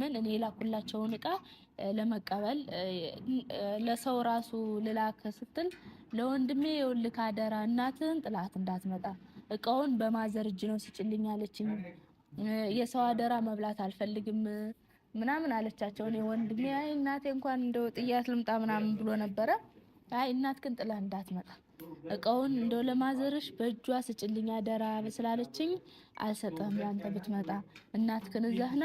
ምን እኔ የላኩላቸውን እቃ ለመቀበል ለሰው ራሱ ልላክ ስትል ለወንድሜ የውልክ አደራ እናትን ጥላት እንዳትመጣ እቃውን በማዘር እጅ ነው ስጭልኝ አለችኝ። የሰው አደራ መብላት አልፈልግም ምናምን አለቻቸው። እኔ ወንድሜ አይ እናቴ እንኳን እንደው ጥያት ልምጣ ምናምን ብሎ ነበረ። አይ እናት ግን ጥላ እንዳትመጣ እቃውን እንደው ለማዘርሽ በእጇ ስጭልኝ አደራ ስላለችኝ አልሰጠም። ለአንተ ብትመጣ እናት ክንዛህና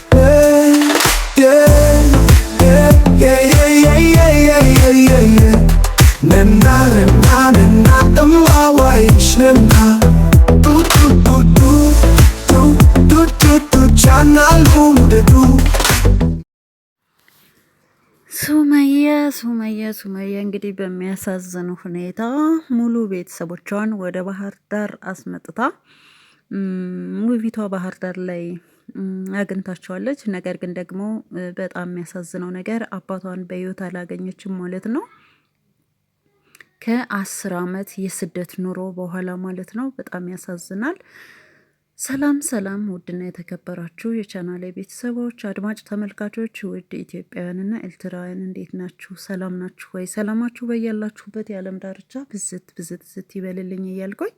ሱመያ ሱመያ ሱመያ እንግዲህ በሚያሳዝን ሁኔታ ሙሉ ቤተሰቦቿን ወደ ባህር ዳር አስመጥታ ውቢቷ ባህር ዳር ላይ አግኝታቸዋለች። ነገር ግን ደግሞ በጣም የሚያሳዝነው ነገር አባቷን በህይወት አላገኘችም ማለት ነው። ከአስር አመት የስደት ኑሮ በኋላ ማለት ነው። በጣም ያሳዝናል። ሰላም ሰላም ውድና የተከበራችሁ የቻናል ቤተሰቦች አድማጭ ተመልካቾች፣ ውድ ኢትዮጵያውያንና ኤርትራውያን እንዴት ናችሁ? ሰላም ናችሁ ወይ? ሰላማችሁ በያላችሁበት የዓለም ዳርቻ ብዝት ብዝት ብዝት ይበልልኝ እያልኩኝ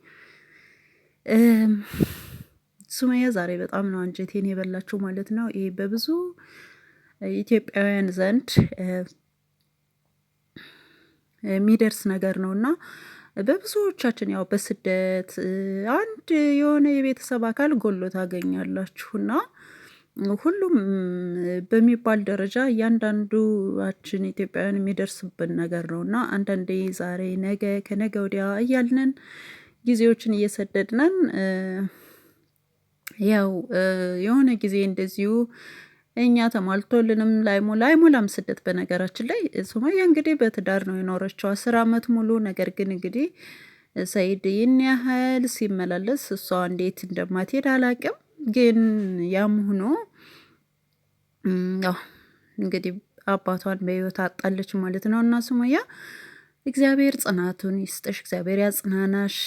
ሱመያ ዛሬ በጣም ነው አንጀቴን የበላችሁ ማለት ነው። ይሄ በብዙ ኢትዮጵያውያን ዘንድ የሚደርስ ነገር ነው እና በብዙዎቻችን ያው በስደት አንድ የሆነ የቤተሰብ አካል ጎሎ ታገኛላችሁና ሁሉም በሚባል ደረጃ እያንዳንዱችን ኢትዮጵያውያን የሚደርስብን ነገር ነው እና አንዳንዴ ዛሬ፣ ነገ፣ ከነገ ወዲያ እያልንን ጊዜዎችን እየሰደድነን ያው የሆነ ጊዜ እንደዚሁ እኛ ተሟልቶልንም ላይሞ አይሞላም። ስደት በነገራችን ላይ ሱመያ እንግዲህ በትዳር ነው የኖረችው አስር አመት ሙሉ። ነገር ግን እንግዲህ ሰይድ ይህን ያህል ሲመላለስ እሷ እንዴት እንደማትሄድ አላቅም። ግን ያም ሆኖ ያው እንግዲህ አባቷን በህይወት አጣለች ማለት ነው እና ሱመያ እግዚአብሔር ጽናቱን ይስጠሽ፣ እግዚአብሔር ያጽናናሽ።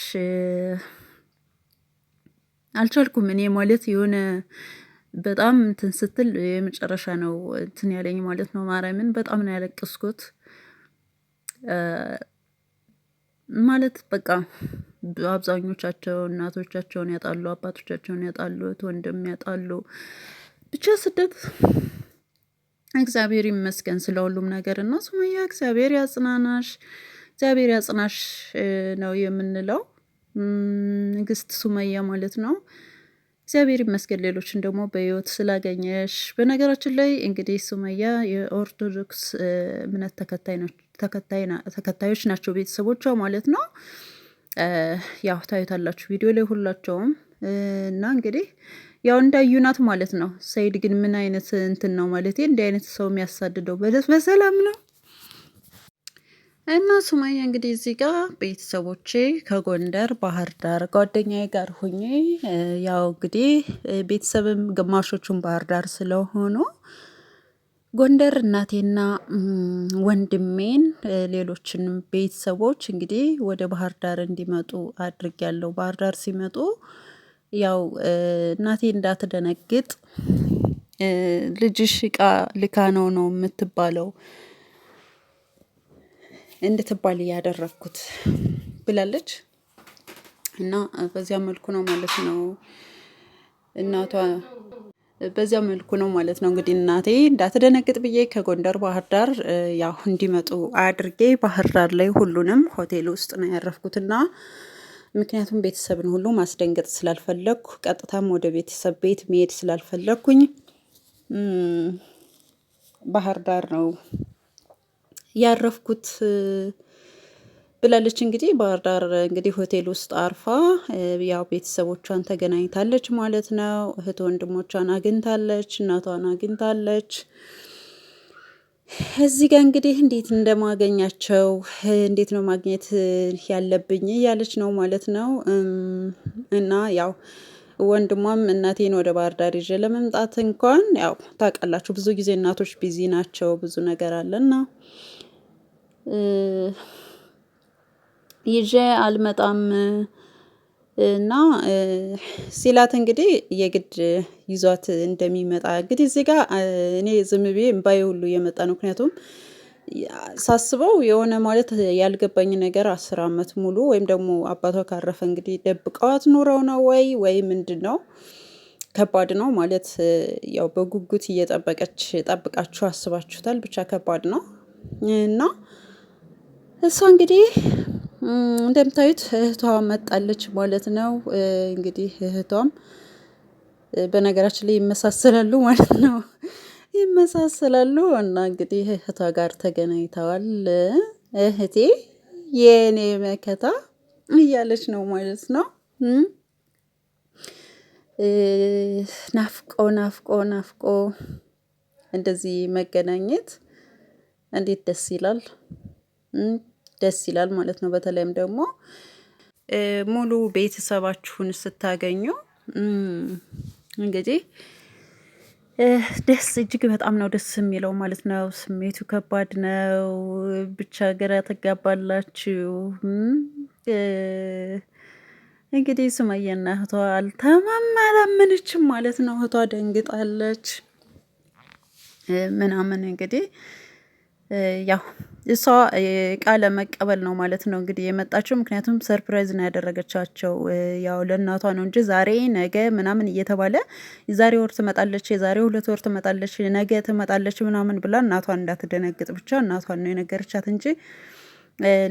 አልቻልኩም እኔ ማለት የሆነ በጣም እንትን ስትል የመጨረሻ ነው እንትን ያለኝ ማለት ነው። ማርያምን በጣም ነው ያለቀስኩት ማለት በቃ አብዛኞቻቸው እናቶቻቸውን ያጣሉ፣ አባቶቻቸውን ያጣሉ፣ ወንድም ያጣሉ። ብቻ ስደት እግዚአብሔር ይመስገን ስለ ሁሉም ነገር እና ሱመያ እግዚአብሔር ያጽናናሽ፣ እግዚአብሔር ያጽናሽ ነው የምንለው ንግስት ሱመያ ማለት ነው። እግዚአብሔር ይመስገን ሌሎችን ደግሞ በህይወት ስላገኘሽ። በነገራችን ላይ እንግዲህ ሱመያ የኦርቶዶክስ እምነት ተከታዮች ናቸው ቤተሰቦቿ ማለት ነው። ያው ታዩታላችሁ ቪዲዮ ላይ ሁላቸውም እና እንግዲህ ያው እንዳዩናት ማለት ነው። ሰይድ ግን ምን አይነት እንትን ነው ማለት እንዲህ አይነት ሰው የሚያሳድደው በሰላም ነው እና ሱማያ እንግዲህ እዚህ ጋር ቤተሰቦቼ ከጎንደር ባህር ዳር ጓደኛዬ ጋር ሁኜ ያው እንግዲህ ቤተሰብም ግማሾቹን ባህር ዳር ስለሆኑ ጎንደር እናቴና ወንድሜን ሌሎችንም ቤተሰቦች እንግዲህ ወደ ባህር ዳር እንዲመጡ አድርጊያለሁ። ባህር ዳር ሲመጡ ያው እናቴ እንዳትደነግጥ ልጅሽ እቃ ልካ ነው ነው የምትባለው እንድትባል እያደረግኩት ብላለች። እና በዚያ መልኩ ነው ማለት ነው እናቷ በዚያ መልኩ ነው ማለት ነው እንግዲህ እናቴ እንዳትደነግጥ ብዬ ከጎንደር ባህር ዳር ያው እንዲመጡ አድርጌ ባህር ዳር ላይ ሁሉንም ሆቴል ውስጥ ነው ያረፍኩትና ምክንያቱም ቤተሰብን ሁሉ ማስደንገጥ ስላልፈለግኩ ቀጥታም ወደ ቤተሰብ ቤት መሄድ ስላልፈለግኩኝ ባህር ዳር ነው ያረፍኩት ብላለች። እንግዲህ ባህር ዳር እንግዲህ ሆቴል ውስጥ አርፋ ያው ቤተሰቦቿን ተገናኝታለች ማለት ነው። እህት ወንድሞቿን አግኝታለች፣ እናቷን አግኝታለች። እዚህ ጋር እንግዲህ እንዴት እንደማገኛቸው እንዴት ነው ማግኘት ያለብኝ እያለች ነው ማለት ነው። እና ያው ወንድሟም እናቴን ወደ ባህር ዳር ይዤ ለመምጣት እንኳን ያው ታውቃላችሁ፣ ብዙ ጊዜ እናቶች ቢዚ ናቸው፣ ብዙ ነገር አለና ይዤ አልመጣም እና ሲላት እንግዲህ የግድ ይዟት እንደሚመጣ እንግዲህ እዚህ ጋር እኔ ዝም ብዬ እምባዬ ሁሉ እየመጣ ነው። ምክንያቱም ሳስበው የሆነ ማለት ያልገባኝ ነገር አስር አመት ሙሉ ወይም ደግሞ አባቷ ካረፈ እንግዲህ ደብቀዋት ኑረው ነው ወይ ወይ ምንድን ነው ከባድ ነው ማለት ያው በጉጉት እየጠበቀች ጠብቃችሁ አስባችሁታል ብቻ ከባድ ነው እና እሷ እንግዲህ እንደምታዩት እህቷ መጣለች ማለት ነው። እንግዲህ እህቷም በነገራችን ላይ ይመሳሰላሉ ማለት ነው። ይመሳሰላሉ እና እንግዲህ እህቷ ጋር ተገናኝተዋል። እህቴ የእኔ መከታ እያለች ነው ማለት ነው። ናፍቆ ናፍቆ ናፍቆ እንደዚህ መገናኘት እንዴት ደስ ይላል። ደስ ይላል ማለት ነው። በተለይም ደግሞ ሙሉ ቤተሰባችሁን ስታገኙ እንግዲህ ደስ እጅግ በጣም ነው ደስ የሚለው ማለት ነው። ስሜቱ ከባድ ነው። ብቻ ግራ ትጋባላችሁ። እንግዲህ ሱመያና እህቷ አልተማመነችም ማለት ነው። እህቷ ደንግጣለች ምናምን እንግዲህ ያው እሷ ቃለ መቀበል ነው ማለት ነው እንግዲህ የመጣችው። ምክንያቱም ሰርፕራይዝ ነው ያደረገቻቸው። ያው ለእናቷ ነው እንጂ ዛሬ ነገ ምናምን እየተባለ የዛሬ ወር ትመጣለች፣ የዛሬ ሁለት ወር ትመጣለች፣ ነገ ትመጣለች ምናምን ብላ እናቷን እንዳትደነግጥ ብቻ እናቷን ነው የነገረቻት እንጂ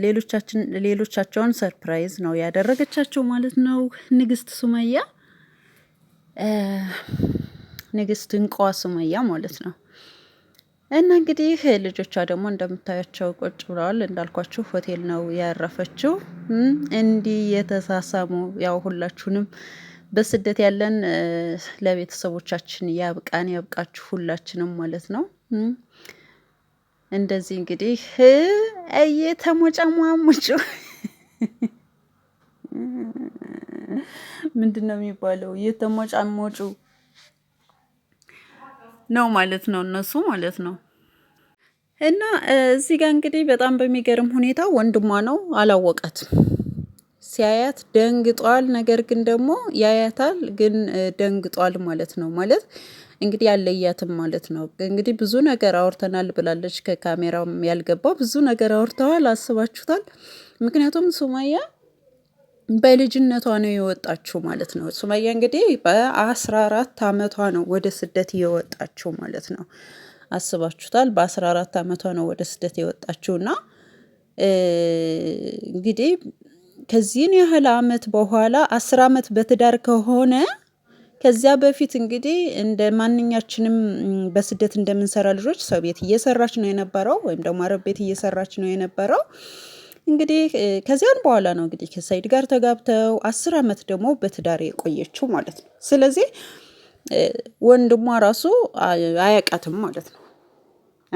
ሌሎቻችን ሌሎቻቸውን ሰርፕራይዝ ነው ያደረገቻቸው ማለት ነው ንግስት ሱመያ ንግስት እንቋ ሱመያ ማለት ነው። እና እንግዲህ ልጆቿ ደግሞ እንደምታያቸው ቁጭ ብለዋል። እንዳልኳችሁ ሆቴል ነው ያረፈችው። እንዲህ የተሳሳሙ ያው ሁላችሁንም በስደት ያለን ለቤተሰቦቻችን ያብቃን፣ ያብቃችሁ ሁላችንም ማለት ነው። እንደዚህ እንግዲህ እየተሞጫሟሙጩ ምንድን ነው የሚባለው? እየተሞጫሞጩ ነው ማለት ነው እነሱ ማለት ነው። እና እዚህ ጋር እንግዲህ በጣም በሚገርም ሁኔታ ወንድሟ ነው አላወቃትም። ሲያያት ደንግጧል። ነገር ግን ደግሞ ያያታል፣ ግን ደንግጧል ማለት ነው። ማለት እንግዲህ ያለያትም ማለት ነው። እንግዲህ ብዙ ነገር አውርተናል ብላለች። ከካሜራም ያልገባ ብዙ ነገር አውርተዋል። አስባችሁታል? ምክንያቱም ሱማያ በልጅነቷ ነው የወጣችው ማለት ነው። ሱመያ እንግዲህ በአስራ አራት አመቷ ነው ወደ ስደት የወጣችው ማለት ነው። አስባችሁታል? በአስራ አራት አመቷ ነው ወደ ስደት እና እንግዲህ ከዚህን ያህል አመት በኋላ አስር አመት በትዳር ከሆነ ከዚያ በፊት እንግዲህ እንደ ማንኛችንም በስደት እንደምንሰራ ልጆች ሰው ቤት እየሰራች ነው የነበረው፣ ወይም ደግሞ አረብ ቤት እየሰራች ነው የነበረው እንግዲህ ከዚያን በኋላ ነው እንግዲህ ከሰይድ ጋር ተጋብተው አስር ዓመት ደግሞ በትዳር የቆየችው ማለት ነው። ስለዚህ ወንድሟ ራሱ አያቃትም ማለት ነው።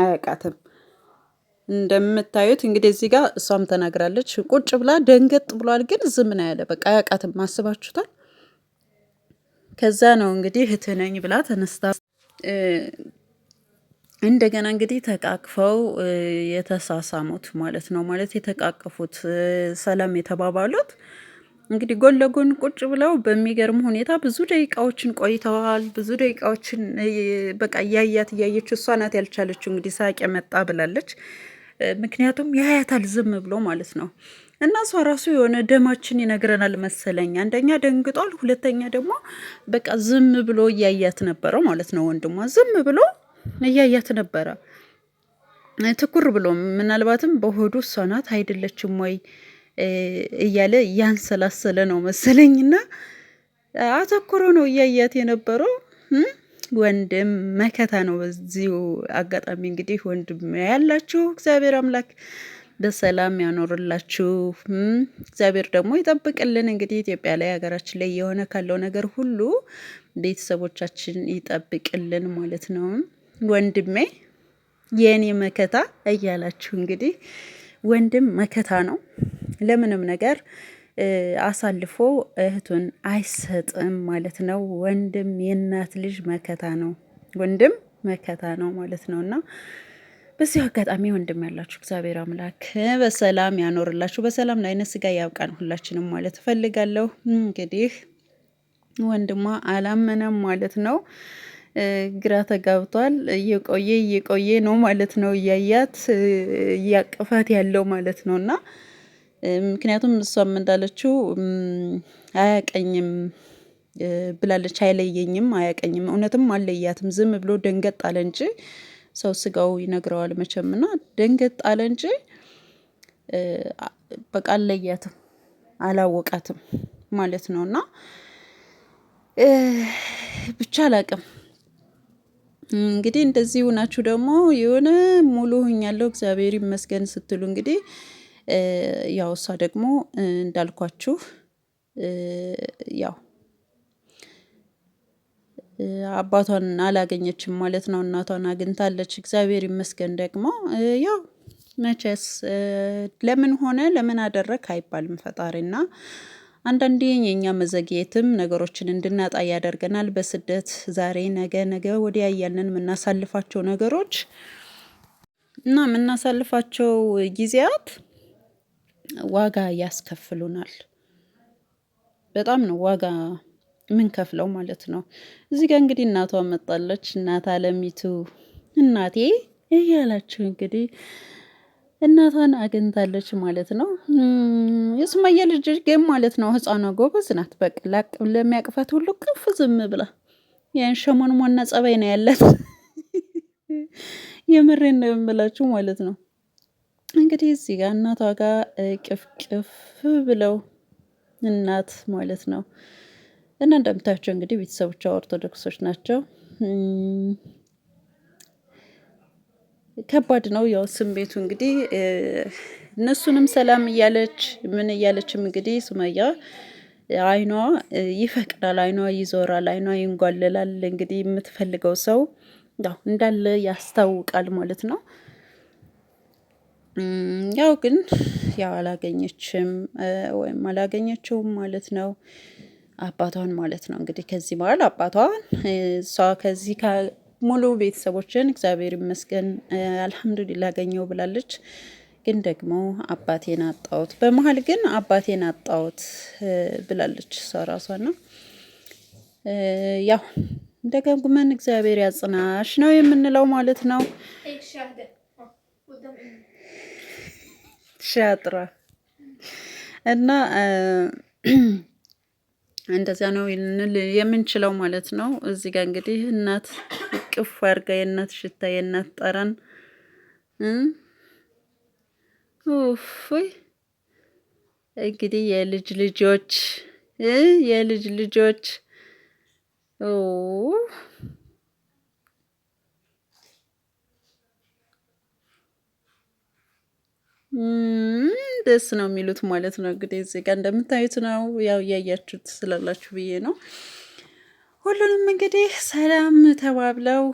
አያቃትም እንደምታዩት እንግዲህ እዚህ ጋር እሷም ተናግራለች። ቁጭ ብላ ደንገጥ ብሏል፣ ግን ዝም ነው ያለ። በቃ አያውቃትም። አስባችሁታል? ከዛ ነው እንግዲህ እህትህ ነኝ ብላ ተነስታ እንደገና እንግዲህ ተቃቅፈው የተሳሳሙት ማለት ነው። ማለት የተቃቀፉት ሰላም የተባባሉት እንግዲህ ጎን ለጎን ቁጭ ብለው በሚገርም ሁኔታ ብዙ ደቂቃዎችን ቆይተዋል። ብዙ ደቂቃዎችን በቃ እያያት እያየች እሷ ናት ያልቻለችው። እንግዲህ ሳቅ መጣ ብላለች። ምክንያቱም ያያታል ዝም ብሎ ማለት ነው። እና እሷ ራሱ የሆነ ደማችን ይነግረናል መሰለኝ። አንደኛ ደንግጧል፣ ሁለተኛ ደግሞ በቃ ዝም ብሎ እያያት ነበረው ማለት ነው። ወንድሟ ዝም ብሎ እያያት ነበረ ትኩር ብሎ ምናልባትም በሆዱ እሷ ናት አይደለችም ወይ እያለ ያንሰላሰለ ነው መሰለኝና አተኩሮ ነው እያያት የነበረው። ወንድም መከታ ነው። በዚሁ አጋጣሚ እንግዲህ ወንድም ያላችሁ እግዚአብሔር አምላክ በሰላም ያኖርላችሁ፣ እግዚአብሔር ደግሞ ይጠብቅልን። እንግዲህ ኢትዮጵያ ላይ ሀገራችን ላይ የሆነ ካለው ነገር ሁሉ ቤተሰቦቻችን ይጠብቅልን ማለት ነው። ወንድሜ የእኔ መከታ እያላችሁ እንግዲህ ወንድም መከታ ነው። ለምንም ነገር አሳልፎ እህቱን አይሰጥም ማለት ነው። ወንድም የእናት ልጅ መከታ ነው። ወንድም መከታ ነው ማለት ነው እና በዚህ አጋጣሚ ወንድም ያላችሁ እግዚአብሔር አምላክ በሰላም ያኖርላችሁ፣ በሰላም ለዓይነ ስጋ ያብቃን ሁላችንም ማለት እፈልጋለሁ። እንግዲህ ወንድሟ አላመነም ማለት ነው። ግራ ተጋብቷል። እየቆየ እየቆየ ነው ማለት ነው እያያት እያቀፋት ያለው ማለት ነው እና ምክንያቱም እሷም እንዳለችው አያቀኝም ብላለች። አይለየኝም፣ አያቀኝም። እውነትም አለያትም። ዝም ብሎ ደንገጥ አለ እንጂ ሰው ስጋው ይነግረዋል መቼም እና ደንገጥ አለ እንጂ በቃ አለያትም፣ አላወቃትም ማለት ነው እና ብቻ አላቅም እንግዲህ እንደዚህ ሆናችሁ ደግሞ የሆነ ሙሉ ሆኛለሁ እግዚአብሔር ይመስገን ስትሉ እንግዲህ ያው እሷ ደግሞ እንዳልኳችሁ ያው አባቷን አላገኘችም ማለት ነው። እናቷን አግኝታለች። እግዚአብሔር ይመስገን ደግሞ ያው መቼስ ለምን ሆነ ለምን አደረግ አይባልም ፈጣሪና አንዳንዴ የእኛ መዘግየትም ነገሮችን እንድናጣ ያደርገናል። በስደት ዛሬ ነገ ነገ ወዲያ እያለን የምናሳልፋቸው ነገሮች እና የምናሳልፋቸው ጊዜያት ዋጋ ያስከፍሉናል። በጣም ነው ዋጋ የምንከፍለው ማለት ነው። እዚህ ጋር እንግዲህ እናቷ መጣለች። እናት አለሚቱ እናቴ እያላችሁ እንግዲህ እናቷን አግኝታለች ማለት ነው። የሱመያ ልጅ ግን ማለት ነው። ህፃኗ ጎበዝ ናት። በቃ ለሚያቅፋት ሁሉ ቅፍ ዝም ብላ ያን ሸሞን ሟና ጸባይ ነው ያላት። የምሬ ነው የምላችሁ ማለት ነው። እንግዲህ እዚህ ጋር እናቷ ጋር ቅፍቅፍ ብለው እናት ማለት ነው እና እንደምታቸው እንግዲህ ቤተሰቦቿ ኦርቶዶክሶች ናቸው። ከባድ ነው። ያው ስሜቱ እንግዲህ እነሱንም ሰላም እያለች ምን እያለችም እንግዲህ ሱመያ አይኗ ይፈቅዳል፣ አይኗ ይዞራል፣ አይኗ ይንጓልላል እንግዲህ የምትፈልገው ሰው ያው እንዳለ ያስታውቃል ማለት ነው። ያው ግን ያው አላገኘችም ወይም አላገኘችውም ማለት ነው አባቷን ማለት ነው እንግዲህ ከዚህ መሀል አባቷን እሷ ከዚህ ሙሉ ቤተሰቦችን እግዚአብሔር ይመስገን አልሐምዱሊላ አገኘው ብላለች። ግን ደግሞ አባቴን አጣሁት፣ በመሀል ግን አባቴን አጣሁት ብላለች እሷ ራሷ ነው። ያው እንደገጉመን እግዚአብሔር ያጽናሽ ነው የምንለው ማለት ነው። ሻጥራ እና እንደዚያ ነው ልንል የምንችለው ማለት ነው። እዚህ ጋር እንግዲህ እናት እቅፍ አድርጋ የእናት ሽታ የእናት ጠረን ፍ እንግዲህ የልጅ ልጆች የልጅ ልጆች ደስ ነው የሚሉት ማለት ነው። እንግዲህ እዚህ ጋር እንደምታዩት ነው ያው እያያችሁት ስላላችሁ ብዬ ነው። ሁሉንም እንግዲህ ሰላም ተባብለው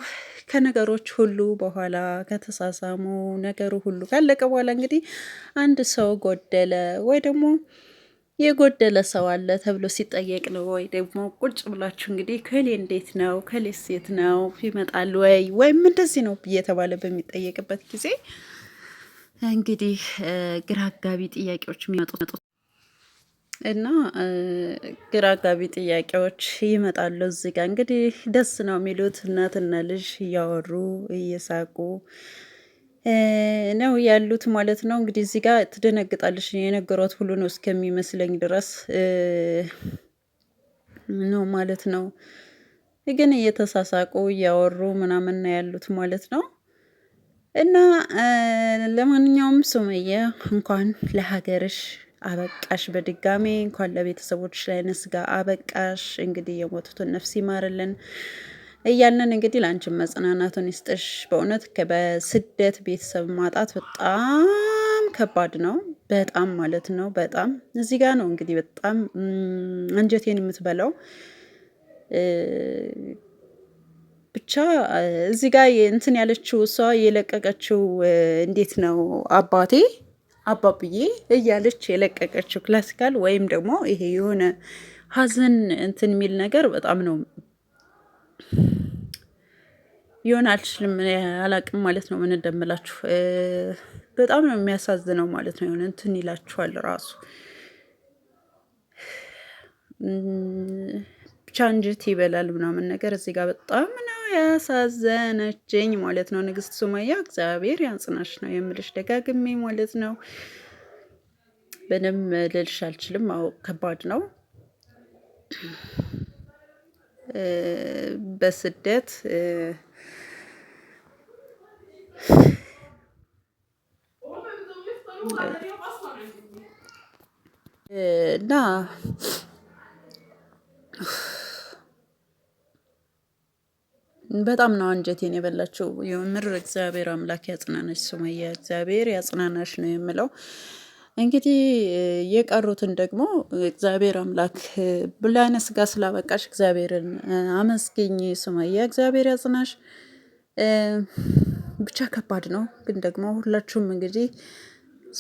ከነገሮች ሁሉ በኋላ ከተሳሳሙ ነገሩ ሁሉ ካለቀ በኋላ እንግዲህ አንድ ሰው ጎደለ ወይ ደግሞ የጎደለ ሰው አለ ተብሎ ሲጠየቅ ነው። ወይ ደግሞ ቁጭ ብላችሁ እንግዲህ ከሌ እንዴት ነው ከሌ ሴት ነው ይመጣል ወይ ወይም እንደዚህ ነው እየተባለ በሚጠየቅበት ጊዜ እንግዲህ ግራ አጋቢ ጥያቄዎች የሚመጡት እና ግራ አጋቢ ጥያቄዎች ይመጣሉ። እዚህ ጋር እንግዲህ ደስ ነው የሚሉት እናትና ልጅ እያወሩ እየሳቁ ነው ያሉት ማለት ነው። እንግዲህ እዚህ ጋር ትደነግጣለች። የነገሯት ሁሉ ነው እስከሚመስለኝ ድረስ ነው ማለት ነው። ግን እየተሳሳቁ እያወሩ ምናምን ነው ያሉት ማለት ነው። እና ለማንኛውም ሱመያ እንኳን ለሀገርሽ አበቃሽ በድጋሜ እንኳን ለቤተሰቦች ላይ ነስጋ አበቃሽ። እንግዲህ የሞቱትን ነፍስ ይማርልን እያለን እንግዲህ ለአንቺን መጽናናቱን ይስጥሽ። በእውነት በስደት ቤተሰብ ማጣት በጣም ከባድ ነው። በጣም ማለት ነው። በጣም እዚህ ጋር ነው እንግዲህ በጣም አንጀቴን የምትበላው ብቻ እዚህ ጋር እንትን ያለችው እሷ የለቀቀችው እንዴት ነው አባቴ አባብዬ እያለች የለቀቀችው ክላሲካል ወይም ደግሞ ይሄ የሆነ ሀዘን እንትን የሚል ነገር በጣም ነው የሆነ አልችልም አላቅም ማለት ነው። ምን እንደምላችሁ በጣም ነው የሚያሳዝነው ማለት ነው። የሆነ እንትን ይላችኋል ራሱ ብቻ እንጅት ይበላል ምናምን ነገር እዚህ ጋር በጣም ያሳዘነችኝ ማለት ነው። ንግስት ሱመያ እግዚአብሔር ያንጽናሽ ነው የምልሽ ደጋግሜ ማለት ነው። ምንም ልልሽ አልችልም። አዎ ከባድ ነው። በስደት እና በጣም ነው አንጀቴን የበላቸው። የምር እግዚአብሔር አምላክ ያጽናናሽ ሱመያ፣ እግዚአብሔር ያጽናናሽ ነው የምለው። እንግዲህ የቀሩትን ደግሞ እግዚአብሔር አምላክ ብላይነ ስጋ ስላበቃሽ እግዚአብሔርን አመስግኝ ሱመያ፣ እግዚአብሔር ያጽናሽ። ብቻ ከባድ ነው ግን ደግሞ ሁላችሁም እንግዲህ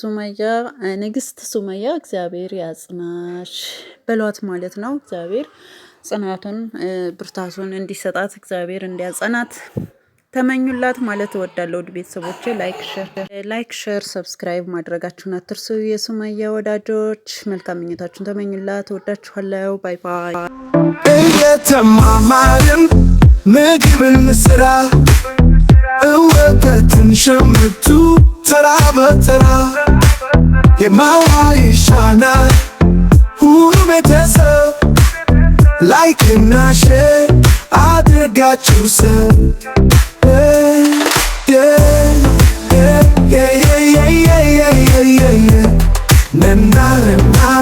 ሱመያ ንግስት ሱመያ እግዚአብሔር ያጽናሽ በሏት ማለት ነው እግዚአብሔር ጽናቱን ብርታቱን እንዲሰጣት እግዚአብሔር እንዲያጸናት ተመኙላት ማለት እወዳለሁ። ውድ ቤተሰቦች ላይክ፣ ሸር፣ ሰብስክራይብ ማድረጋችሁን አትርሱ። የሱመያ ወዳጆች መልካም ምኞታችሁን ተመኙላት። እወዳችኋለሁ። ባይ ባይ። እየተማማርን ምግብን ስራ እወተትን ሸምቱ ተራ በተራ የማዋ ይሻናል ሁሉ ቤተሰብ like and I share. I did got you said. Yeah, yeah, yeah, yeah, yeah, yeah, yeah, yeah, yeah. Nena, nena.